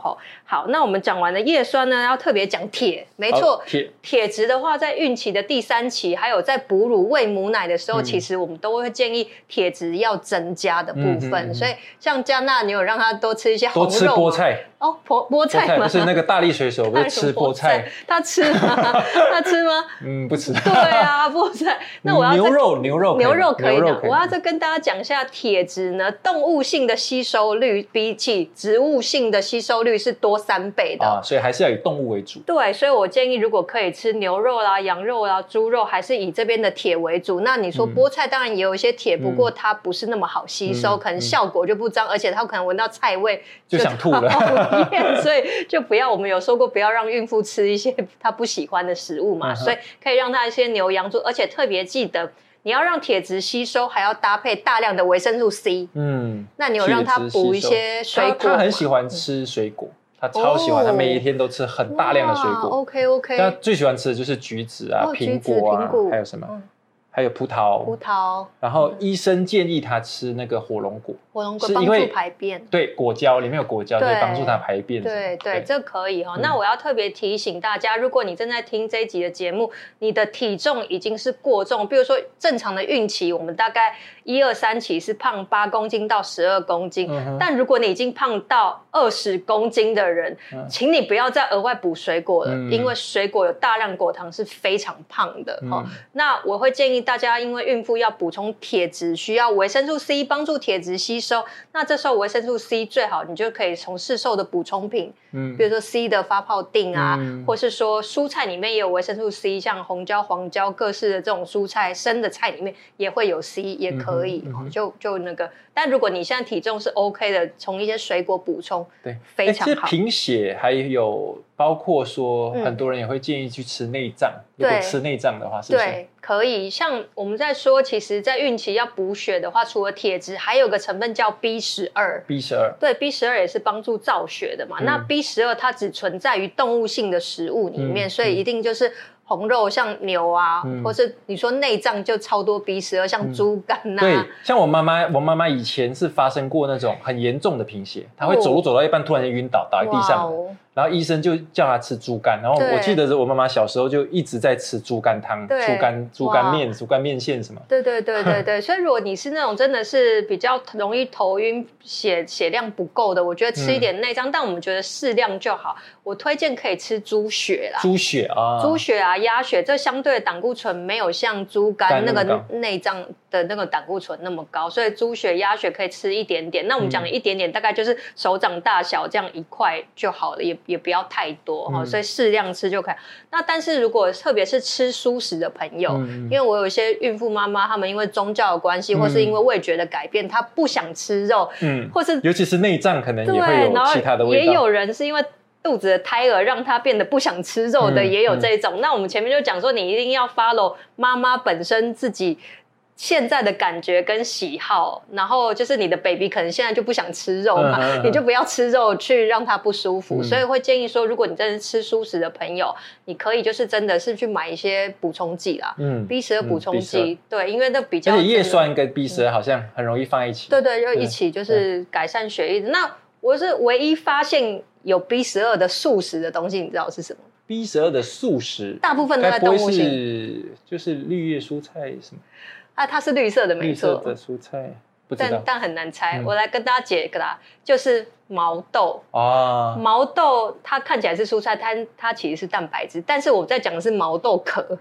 好，那我們講完了葉酸呢，要特別講鐵，沒錯，鐵鐵質的話，在孕期的第三期，還有在哺乳餵母奶的時候、嗯，其實我們都會建議鐵質要增加的部分。嗯嗯嗯，所以像加納，你有讓他多吃一些紅肉、菠菜。菠、哦、菠菜嗎？菠菜？不是那個大力水手不是吃菠菜，菠菜，他吃嗎？ (laughs) 他吃嗎？ (laughs) 嗯，不吃。對啊，菠菜。那我要牛肉，牛肉，牛肉可以的。我要再跟大家講一下鐵質呢，動物性的吸收率比起植物性的吸收率是多三倍的。啊、所以還是要以動物為主。對，所以我建議，如果可以吃牛肉啦、啊、羊肉啊、豬肉，還是以這邊的鐵為主。那你說菠菜，當然也有一些鐵、嗯，不過它不是那麼好吸收，嗯、可能效果就不彰、嗯，而且它可能聞到菜味就想吐了。 (laughs) (laughs) 所以就不要，我們有說過不要讓孕婦吃一些她不喜歡的食物嘛，嗯、所以可以讓她一些牛羊豬，而且特別記得你要讓鐵質吸收，還要搭配大量的維生素 C。嗯，那你有讓她補一些水果他？他很喜歡吃水果、嗯，他超喜歡，他每一天都吃很大量的水果。OK OK，他最喜歡吃的就是橘子啊、蘋果啊、哦、蘋果，還有什麼？還有葡萄，葡萄。然後醫生建議他吃那個火龍果，火龍果幫助排便，對，果膠裡面有果膠，對，可以幫助他排便。對對，對，對，這可以哈、哦嗯。那我要特別提醒大家，如果你正在聽這一集的節目，你的體重已經是過重，比如說正常的孕期，我們大概。一二三期是胖八公斤到十二公斤，uh -huh. 但如果你已經胖到二十公斤的人，uh -huh. 請你不要再額外補水果了，uh -huh. 因為水果有大量果糖是非常胖的。Uh -huh. 哦，那我會建議大家，因為孕婦要補充鐵質，需要維生素 C 幫助鐵質吸收，那這時候維生素 C 最好，你就可以從市售的補充品，嗯、uh -huh.，比如說 C 的發泡錠啊，uh -huh. 或是說蔬菜裡面也有維生素 C，像紅椒、黃椒，各式的這種蔬菜生的菜裡面也會有 C，也可、uh。-huh. 可以，就就那個、嗯。但如果你現在體重是 OK 的，從一些水果補充，對，非常好、欸。貧血還有包括說，很多人也會建議去吃內臟。如果吃內臟的話，是不是？對，可以。像我們在說，其實，在孕期要補血的話，除了鐵質，還有個成分叫 B 十二。B 十二對，B 十二也是幫助造血的嘛。嗯、那 B 十二它只存在於動物性的食物裡面，嗯、所以一定就是。紅肉像牛啊、嗯，或是你說內臟就超多 B12、啊，而像豬肝吶、啊嗯，對，像我媽媽，我媽媽以前是發生過那種很嚴重的貧血，她會走路走到一半突然間暈倒、哦，倒在地上。然後醫生就叫他吃豬肝，然後我記得我媽媽小時候就一直在吃豬肝湯、豬肝、豬肝面、豬肝面線什麼。對對對對對,對，所以如果你是那種真的是比較容易頭暈血、血血量不夠的，我覺得吃一點內臟、嗯，但我們覺得適量就好。我推薦可以吃豬血啦，豬血啊，豬血啊，啊，豬血啊，鴨血，這相對膽固醇沒有像豬肝那,那個內臟。的那個膽固醇那麼高，所以豬血、鴨血可以吃一點點。那我們講一點點、嗯，大概就是手掌大小這樣一塊就好了，也也不要太多哈、嗯哦，所以適量吃就可以。那但是如果特別是吃蔬食的朋友、嗯，因為我有一些孕婦媽媽，她們因為宗教的關係、嗯，或是因為味覺的改變，她不想吃肉，嗯，或是尤其是內臟可能也會有其他的味道。對，然後也有人是因為肚子的胎兒讓她變得不想吃肉的，嗯、也有這種、嗯。那我們前面就講說，你一定要 follow 媽媽本身自己。現在的感覺跟喜好，然後就是你的 baby 可能現在就不想吃肉嘛，嗯嗯，你就不要吃肉去讓它不舒服，嗯。所以會建議說，如果你真的吃素食的朋友，你可以就是真的是去買一些補充劑啦。嗯，B 十二補充劑，嗯 B12. 對，因為那比較而且葉酸跟 B 十二好像很容易放在一起，嗯。對對，就一起就是改善血液。嗯，那我是唯一發現有 B 十二的素食的東西，你知道是什麼？B 十二的素食，大部分都在動物性，是就是綠葉蔬菜什麼。啊，它是綠色的，沒錯。綠色的蔬菜，但但很難猜，嗯。我來跟大家解一個啦，就是毛豆啊，毛豆它看起來是蔬菜，它它其實是蛋白質。但是我在講的是毛豆殼，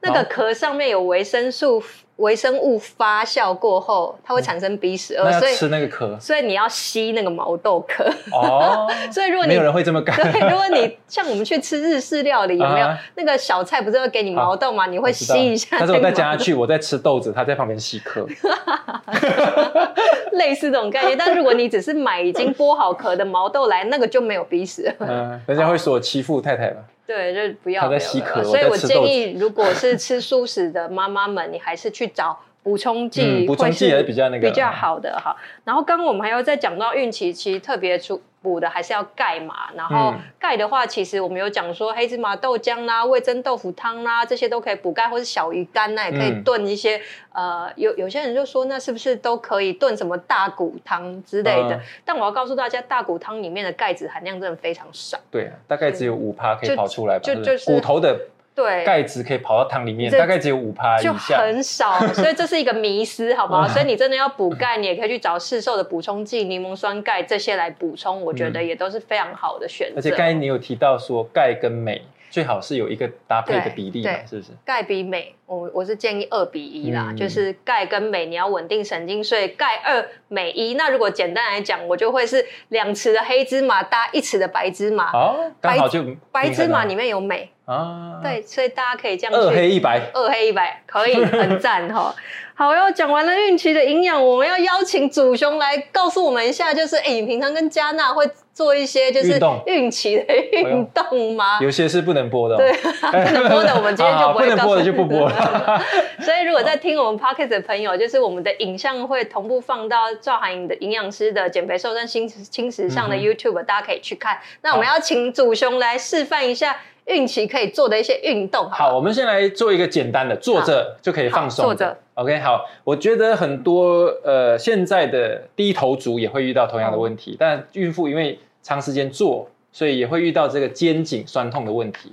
那個殼上面有維生素。微生物發酵過後，它會產生 B12、嗯，所以吃那個殼，所以你要吸那個毛豆殼。哦， (laughs) 所以如果你沒有人會這麼幹。對。如果你像我們去吃日式料理，有沒有、啊、那個小菜不是會給你毛豆嗎？啊、你會吸一下那。那時候再加下去，我在吃豆子，他在旁邊吸殼。 (laughs) (laughs) 類似這種概念，但如果你只是買已經剝好殼的毛豆來，那個就沒有 B12。人、啊、家會說我欺負太太吧、啊。對，就不要。他在吸殼，所以我建議我，如果是吃素食的媽媽們，你還是去。去找補充劑，補、嗯、充劑也比較那個比較好的哈。然後剛剛我們還要再講到孕期，其實特別出補的還是要鈣嘛。然後鈣的話、嗯，其實我們有講說黑芝麻豆漿啦、啊、味噌豆腐湯啦、啊，這些都可以補鈣，或是小魚乾那、啊、也可以燉一些、嗯。呃，有有些人就說，那是不是都可以燉什麼大骨湯之類的、嗯？但我要告訴大家，大骨湯裡面的鈣質含量真的非常少，對啊，大概只有五趴可以跑出來吧、嗯，就就，就是，是，是骨頭的。對，鈣質可以跑到湯裡面，大概只有五趴，就很少，所以這是一個迷思， (laughs) 好不好？所以你真的要補鈣，你也可以去找市售的補充劑，檸、嗯、檬酸鈣這些來補充，我覺得也都是非常好的選擇。而且剛才你有提到說，鈣跟鎂最好是有一個搭配的比例嘛，是不是？鈣比鎂，我我是建議二比一啦、嗯，就是鈣跟鎂你要穩定神經，所以鈣二鎂一。那如果簡單來講，我就會是兩匙的黑芝麻搭一匙的白芝麻，剛、哦，好就好白芝麻裡面有鎂。啊，對，所以大家可以這樣去。二黑一白，二黑一白，可以，很贊哈、 (laughs) 哦。好，要講完了孕期的營養，我們要邀請祖雄來告訴我們一下，就是哎、嗯，你平常跟嘉娜會做一些就是孕期的運動嗎、哎？有些是不能播的、哦，對、啊，不能播的我們今天就不會 (laughs) 好好。不能播的就不播了。 (laughs) 所以如果在聽我們 podcast 的朋友，就是我們的影像會同步放到趙函穎的營養師的減肥瘦身輕時尚的 YouTube，、嗯、大家可以去看。那我們要請祖雄來示範一下。孕期可以做的一些運動。好好我們先來做一個簡單的，坐着就可以放鬆。坐着，OK，好。我覺得很多呃，現在的低頭族也會遇到同樣的問題，但孕婦因為長時間坐，所以也會遇到這個肩頸酸痛的問題。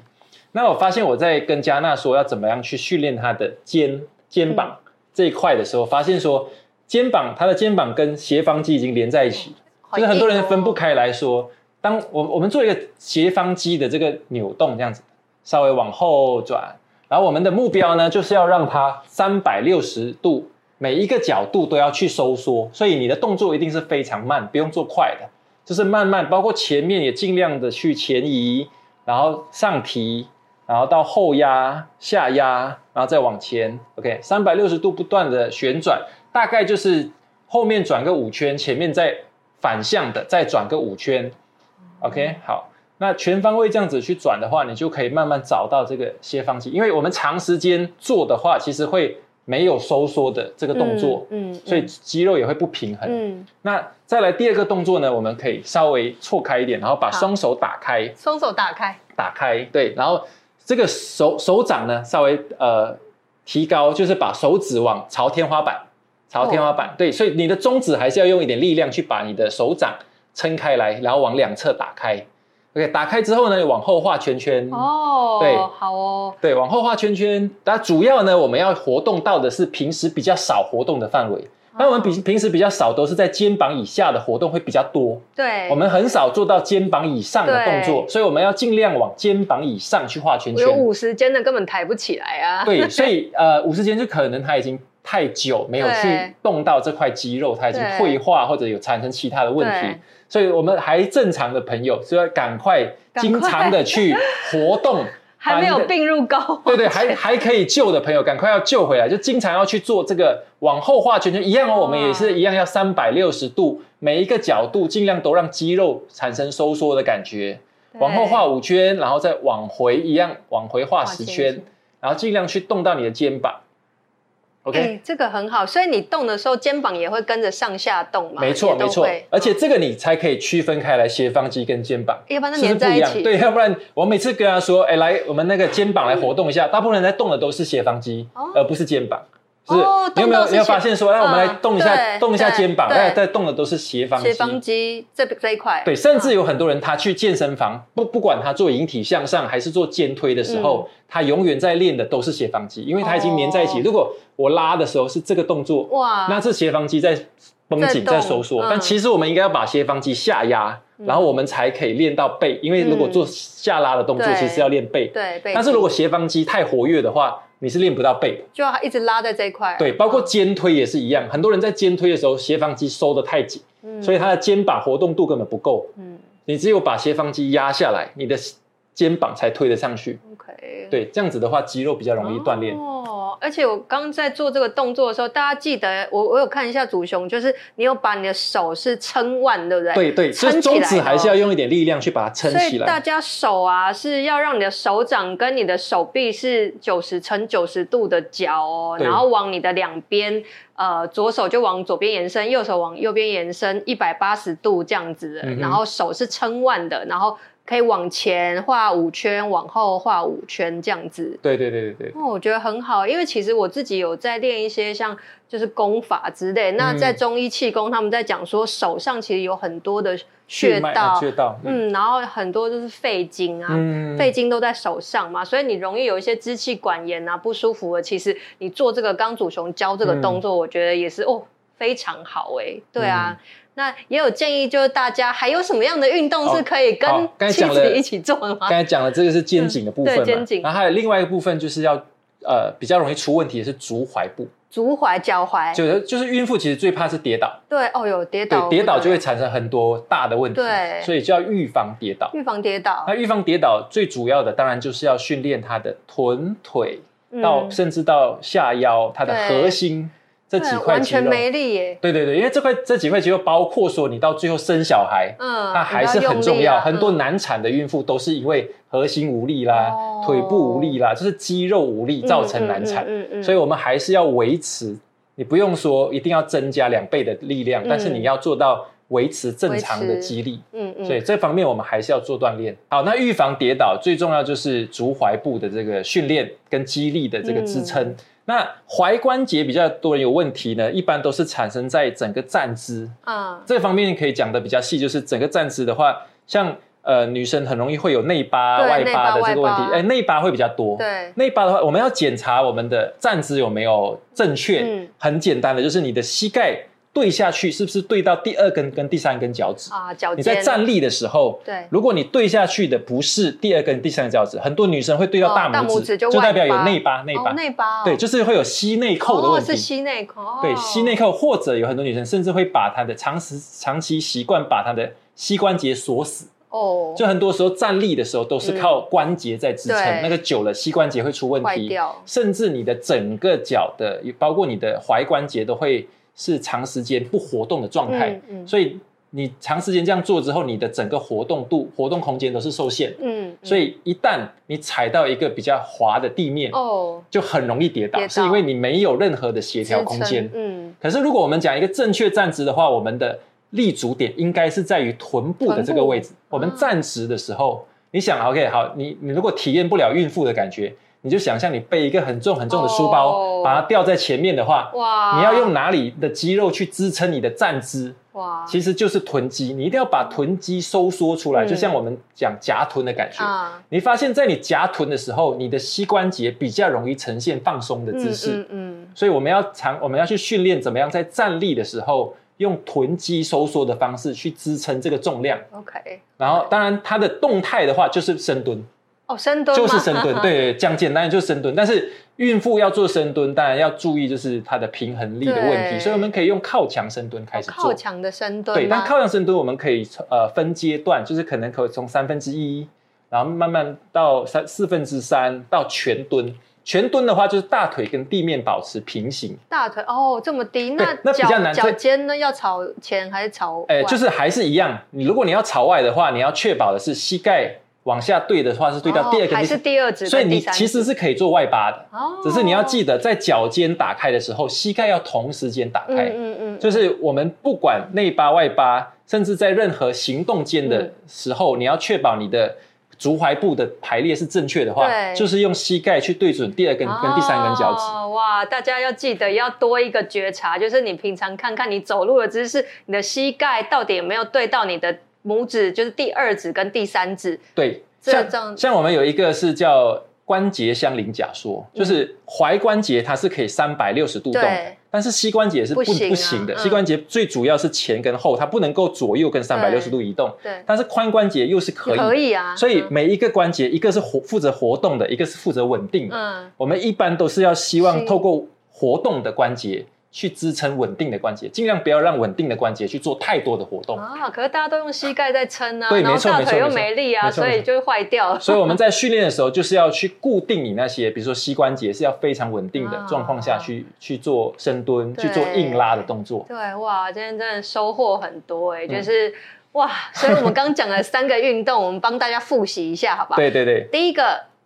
那我發現我在跟嘉娜說要怎麼樣去訓練她的肩肩膀這一塊的時候，嗯、發現說肩膀，她的肩膀跟斜方肌已經連在一起，嗯、就是很多人分不開來說。當我我們做一個斜方肌的這個扭動，這樣子稍微往後轉，然後我們的目標呢，就是要讓它三百六十度，每一個角度都要去收縮，所以你的動作一定是非常慢，不用做快的，就是慢慢，包括前面也儘量的去前移，然後上提，然後到後壓、下壓，然後再往前。OK，三百六十度不斷的旋轉，大概就是後面轉個五圈，前面再反向的再轉個五圈。OK，好，那全方位這樣子去轉的話，你就可以慢慢找到這個斜方肌。因為我們長時間做的話，其實會沒有收縮的這個動作，嗯嗯，嗯，所以肌肉也會不平衡。嗯，那再來第二個動作呢，我們可以稍微錯開一點，然後把雙手打開，雙手打開，打開，對，然後這個手手掌呢，稍微呃提高，就是把手指往朝天花板，朝天花板，哦，對，所以你的中指還是要用一點力量去把你的手掌，撐開來，然後往兩側打開，OK，打開之後呢，往後畫圈圈。哦，對，好哦。對，往後畫圈圈。那主要呢，我們要活動到的是平時比較少活動的範圍。那、哦、我們比平時比較少都是在肩膀以下的活動會比較多。對。我們很少做到肩膀以上的動作，所以我們要盡量往肩膀以上去畫圈圈。有五十肩的根本抬不起來啊。 (laughs) 對，所以呃，五十肩就可能他已經太久沒有去動到這塊肌肉，它已經退化或者有產生其他的問題。所以我們還正常的朋友，所以要趕快經常的去活動，還沒有病入膏肓。啊、對，對對，還還可以救的朋友，趕快要救回來，就經常要去做這個往後畫圈圈，一樣哦。我們也是一樣要360度，要三百六十度，每一個角度，儘量都讓肌肉產生收縮的感覺。往後畫五圈，然後再往回一樣往回畫十圈，然後儘量去動到你的肩膀。OK，、欸、這個很好，所以你動的時候，肩膀也會跟着上下動嘛。沒錯，沒錯，而且這個你才可以區分開來斜方肌跟肩膀，要、欸、不然黏在一起。對，要不然我每次跟他說，哎、欸，來，我們那個肩膀來活動一下，嗯、大部分人在動的都是斜方肌、哦，而不是肩膀。是，不是，oh, 你有沒有你有沒有發現說，讓、嗯啊、我們來動一下，動一下肩膀，大家在動的都是斜方肌。斜方肌這這一塊，對，甚至有很多人、啊、他去健身房，不不管他做引體向上還是做肩推的時候，嗯、他永遠在練的都是斜方肌，因為它已經粘在一起、哦。如果我拉的時候是這個動作，哇，那這斜方肌在繃緊在收縮、嗯。但其實我們應該要把斜方肌下壓、嗯，然後我們才可以練到背，因為如果做下拉的動作，嗯、其實要練背對。對，但是如果斜方肌太活躍的話。你是練不到背的，就要一直拉在這一塊、啊。對，包括肩推也是一樣，很多人在肩推的時候斜方肌收得太緊、嗯，所以他的肩膀活動度根本不夠、嗯。你只有把斜方肌壓下來，你的肩膀才推得上去。Okay. 對，這樣子的話肌肉比較容易鍛煉。哦而且我剛在做這個動作的時候，大家記得我我有看一下祖雄，就是你有把你的手是撐腕，對不對？對對，所以中指還是要用一點力量去把它撐起來。大家手啊是要讓你的手掌跟你的手臂是九十乘九十度的角哦，然後往你的兩邊，呃，左手就往左邊延伸，右手往右邊延伸一百八十度這樣子的嗯嗯，然後手是撐腕的，然後。可以往前畫五圈，往後畫五圈，這樣子。對對對對對、哦。我覺得很好，因為其實我自己有在練一些像就是功法之類。嗯、那在中醫氣功，他們在講說，手上其實有很多的穴道。啊、穴道。嗯，然後很多就是肺經啊，嗯、肺經都在手上嘛，所以你容易有一些支氣管炎啊不舒服的，其實你做這個剛，祖雄教這個動作，嗯、我覺得也是哦非常好，哎、欸，對啊。嗯那也有建議，就是大家還有什麼樣的運動是可以跟孕婦一起做的嗎？剛，哦，才講的，的這個是肩頸的部分嘛。嗯，對，肩頸。然後還有另外一個部分，就是要呃比較容易出問題的是足踝部、足踝、腳踝。就是就是孕婦其實最怕是跌倒。對，哦，有跌倒。對，跌倒就會產生很多大的問題。對，所以就要預防跌倒。預防跌倒。那預防跌倒最主要的當然就是要訓練她的臀腿，嗯，到甚至到下腰，它的核心。這幾塊肌肉，完全沒力耶，對對對，因為這塊這幾塊肌肉包括說你到最後生小孩，嗯，那還是很重要。啊、很多難產的孕婦都是因為核心無力啦、嗯、腿部無力啦，就是肌肉無力造成難產。嗯嗯，嗯，嗯嗯。所以我們還是要維持，你不用說一定要增加兩倍的力量，嗯、但是你要做到維持正常的肌力。嗯嗯。所以這方面我們還是要做鍛鍊。好，那預防跌倒最重要就是足踝部的這個訓練跟肌力的這個支撐。嗯那踝關節比較多人有問題呢，一般都是產生在整個站姿啊、嗯、這方面可以講得比較細，就是整個站姿的話，像呃女生很容易會有內八外八的這個問題，哎內八會比較多，對，內八的話，我們要檢查我們的站姿有沒有正確、嗯，很簡單的就是你的膝蓋。對下去是不是對到第二根跟第三根腳趾啊？腳尖。你在站立的時候，對，如果你對下去的不是第二根、第三根腳趾，哦，很多女生會對到大拇指，拇指就，就代表有內八，哦、內八、內、哦、八，對，就是會有膝內扣的問題。哦、是膝內扣、哦。對，膝內扣，或者有很多女生甚至會把她的長時長期習慣把她的膝關節鎖死。哦，就很多時候站立的時候都是靠關節在支撐，嗯、那個久了膝關節會出問題，甚至你的整個腳的，包括你的踝關節都會，是長時間不活動的狀態，嗯嗯，所以你長時間這樣做之後，你的整個活動度、活動空間都是受限嗯。嗯，所以一旦你踩到一個比較滑的地面，哦，就很容易跌倒，跌倒是因為你沒有任何的協調空間。嗯，可是如果我們講一個正確站直的話，我們的立足點應該是在於臀部的這個位置。我們站直的時候，哦、你想，OK，好，你你如果體驗不了孕婦的感覺。你就想象你背一個很重很重的書包，oh, 把它吊在前面的話，哇，你要用哪裡的肌肉去支撐你的站姿？哇！其實就是臀肌，你一定要把臀肌收縮出來，嗯、就像我們講夾臀的感覺。啊、嗯，你發現在你夾臀的時候，你的膝關節比較容易呈現放鬆的姿勢。嗯，嗯，嗯，所以我們要常，我們要去訓練怎麼樣在站立的時候用臀肌收縮的方式去支撐這個重量。OK, okay。然後，當然它的動態的話就是深蹲。哦、深蹲就是深蹲， (laughs) 對講 (laughs) 簡單就是深蹲。但是孕婦要做深蹲，當然要注意就是它的平衡力的問題。所以我們可以用靠牆深蹲開始做，哦，靠牆的深蹲。對，但靠牆深蹲我們可以呃分階段，就是可能可以從三分之一，然後慢慢到三四分之三到全蹲。全蹲的話就是大腿跟地面保持平行。大腿哦這麼低，那那比較難。腳尖呢要朝前還是朝外？哎，就是還是一樣。你如果你要朝外的話，你要確保的是膝蓋。往下對的話是對到第二根、哦，還是第二支？所以你其實是可以做外八的，哦、只是你要記得在腳尖打開的時候，膝蓋要同時間打開。嗯嗯，嗯。就是我們不管內八、外八，甚至在任何行動間的時候，嗯、你要確保你的足踝部的排列是正確的話、嗯，就是用膝蓋去對準第二根跟第三根腳趾、哦。哇，大家要記得要多一個覺察，就是你平常看看你走路的姿勢，你的膝蓋到底有沒有對到你的。拇指，就是第二指跟第三指。對，像這樣像我們有一個是叫關節相鄰假說，嗯、就是踝關節它是可以三百六十度動，但是膝關節是不不行、啊、不行的、嗯。膝關節最主要是前跟後，它不能夠左右跟三百六十度移動，對。對，但是髖關節又是可以，可以、啊，所以每一個關節，一個是活、嗯、負責活動的，一個是負責穩定的。嗯，我們一般都是要希望透過活動的關節。去支撐穩定的關節，盡量不要讓穩定的關節去做太多的活動啊！可是大家都用膝蓋在撐啊，啊，對，沒錯，沒錯，大腿又沒力啊，所以就會壞掉。所以我們在訓練的時候，就是要去固定你那些，比如說膝關節是要非常穩定的狀況下去、啊啊、去做深蹲，去做硬拉的動作。對，哇，今天真的收穫很多哎、欸，就是、嗯、哇！所以我們剛講了三個運動， (laughs) 我們幫大家複習一下，好不好？對對對，第一個。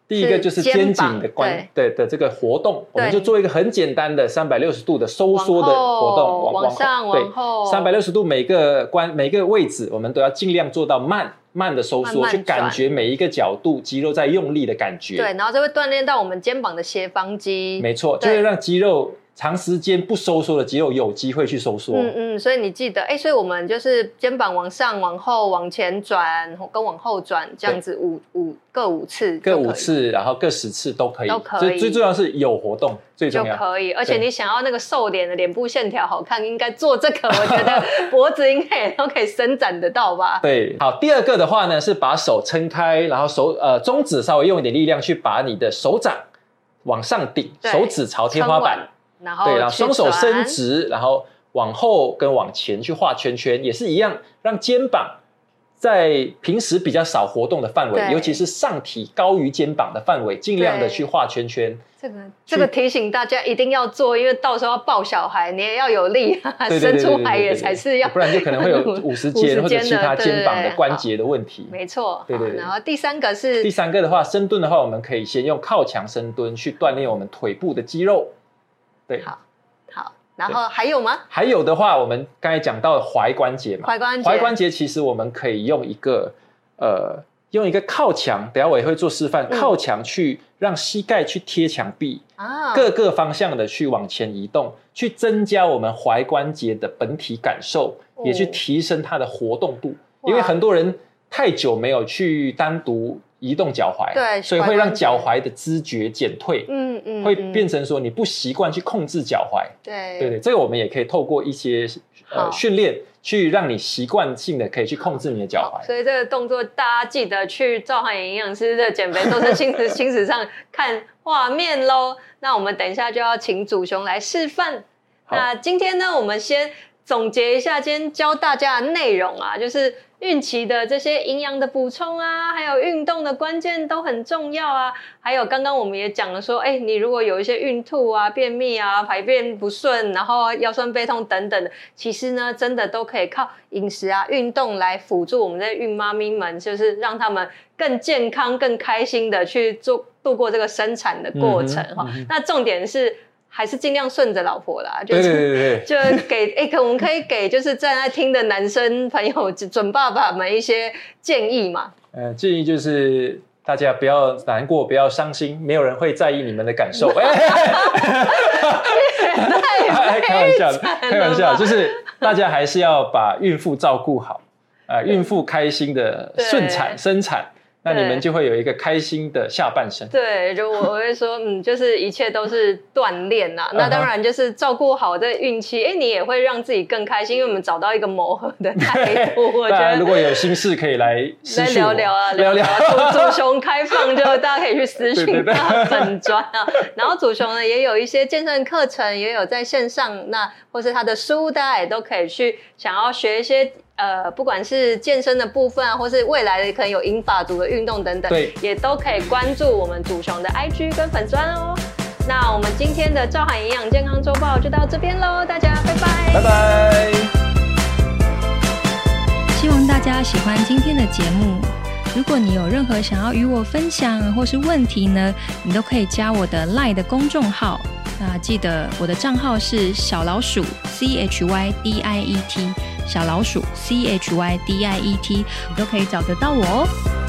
第一個就是肩頸的關，對的這個活動，我們就做一個很簡單的三百六十度的收縮的活動，往往上，往後，三百六十度每個關每個位置，我們都要盡量做到慢慢的收縮，去感覺每一個角度肌肉在用力的感覺。對，然後就會鍛鍊到我們肩膀的斜方肌，沒錯，就會讓肌肉。長時間不收縮的肌肉有機會去收縮，嗯。嗯嗯，所以你記得，哎、欸，所以我們就是肩膀往上、往後、往前轉，跟往後轉這樣子五，五五各五次，各五次，然後各十次都可以。都可以。所以最重要的是有活動，最重要。就可以。而且你想要那個瘦臉的臉部線條好看，應該做這個，我覺得脖子應該也都可以伸展得到吧？ (laughs) 對。好，第二個的話呢是把手撐開，然後手呃中指稍微用一點力量去把你的手掌往上頂，手指朝天花板。然後對啦，雙手伸直，然後往後跟往前去畫圈圈，也是一樣，讓肩膀在平時比較少活動的範圍，尤其是上體高於肩膀的範圍，盡量的去畫圈圈。這個這個提醒大家一定要做，因為到時候要抱小孩，你也要有力，哈哈對對對對對對，伸出來也才是要，對對對對不然就可能會有五十肩或者其他肩膀的關節的問題。對對對沒錯，對對，對。然後第三個是第三個的話，深蹲的話，我們可以先用靠牆深蹲去鍛鍊我們腿部的肌肉。對，好好，然後還有嗎？還有的話，我們剛才講到的踝關節嘛，踝關節，踝關節，其實我們可以用一個呃，用一個靠牆，等下我也會做示範，靠牆去讓膝蓋去貼牆壁，哦，各個方向的去往前移動，啊，去增加我們踝關節的本體感受，哦，也去提升它的活動度，因為很多人。太久沒有去單獨移動腳踝，對，所以會讓腳踝的知覺減退，嗯嗯，嗯，會變成說你不習慣去控制腳踝，對對，對這個我們也可以透過一些呃訓練去讓你習慣性的可以去控制你的腳踝。所以這個動作大家記得去趙函穎營養師的減肥瘦身輕時尚上 (laughs) 看畫面嘍。那我們等一下就要請祖雄來示範。那今天呢，我們先總結一下今天教大家的內容啊，就是。孕期的這些營養的補充啊，還有運動的關鍵都很重要啊。還有剛剛我們也講了說，誒、欸、你如果有一些孕吐啊、便秘啊、排便不順，然後腰酸背痛等等的，其實呢，真的都可以靠飲食啊、運動來輔助我們的孕媽咪們，就是讓他們更健康、更開心的去做度過這個生產的過程哈、嗯嗯。那重點是。還是盡量順着老婆啦，就是、對對對對就給哎、欸、可我們可以給就是正在聽的男生朋友 (laughs) 準爸爸們一些建議嘛。呃，建議就是大家不要難過，不要傷心，沒有人會在意你們的感受。開、欸、玩笑、欸欸 (laughs) 太了，開玩笑了，開玩笑 (laughs) 就是大家還是要把孕婦照顧好、呃、孕婦開心的順產生產。那你們就會有一個開心的下半生。對，就我會說，嗯，就是一切都是鍛鍊吶、啊。 (laughs) 那當然就是照顧好這孕期哎、uh -huh.，你也會讓自己更開心，因為我們找到一個磨合的態度。當 (laughs) 然，如果有心事可以來來聊聊啊，聊聊、啊。祖 (laughs) 祖雄開放，就大家可以去私信本尊啊。 (laughs) 對對對 (laughs) 然後祖雄呢，也有一些健身課程，也有在線上，那或是他的書大家也都可以去想要學一些。呃，不管是健身的部分啊，或是未來的可能有飲法組的運動等等，對，也都可以關注我們祖雄的 IG 跟粉專哦。那我們今天的趙函營養健康周報就到這邊嘍，大家拜拜。拜拜。希望大家喜歡今天的節目。如果你有任何想要與我分享或是問題呢，你都可以加我的 Line 的公眾號。那，啊、記得我的賬號是小老鼠 C H Y D I E T，小老鼠 C H Y D I E T，你都可以找得到我哦。